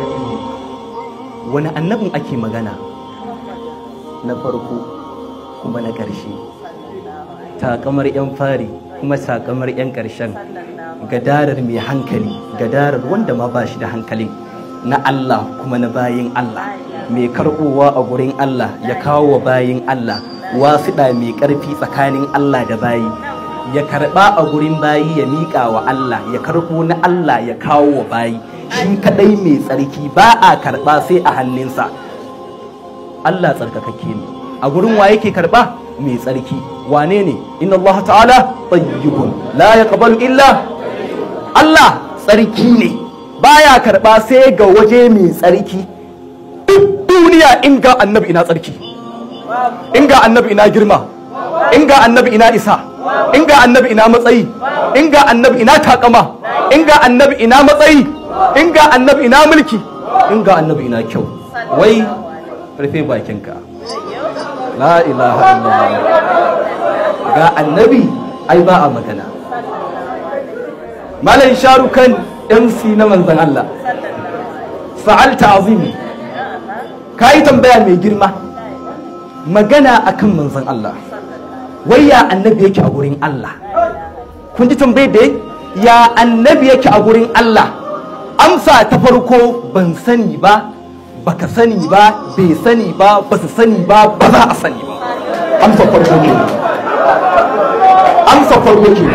wani annabin ake magana na farko kuma na ƙarshe kamar 'yan fari kuma sakamar 'yan ƙarshen gadarar mai hankali gadarar wanda ma ba shi da hankalin na Allah kuma na bayin Allah mai karɓowa a gurin Allah ya kawo wa bayin Allah da mai ƙarfi tsakanin Allah da bayi ya karba a gurin bayi ya miƙa wa Allah ya karbo na Allah ya kawo wa bayi shi kadai mai tsarki ba a karba sai a hannunsa Allah tsarkakakke ne a gurin wa yake karba mai tsarki wane ne inna Allah ta'ala tayyibun la yaqbalu illa Allah tsarki ne baya karba sai ga waje mai tsarki duk duniya in ga annabi ina tsarki in ga annabi ina girma in ga annabi ina isa in ga annabi ina matsayi in ga annabi ina takama in ga annabi ina matsayi in ga annabi ina mulki in ga annabi ina kyau wai rufe bakinka la ilaha illallah ga annabi ai ba a magana malam sharukan mc na manzan Allah fa'alta azimi ka yi tambaya mai girma magana akan manzan Allah wai ya annabi yake a gurin Allah kun ji tambayar da ya annabi yake a gurin Allah amsa ta farko ban sani ba baka sani ba bai sani ba ba su sani ba ba za a sani ba amsa farko ke amsa farko ne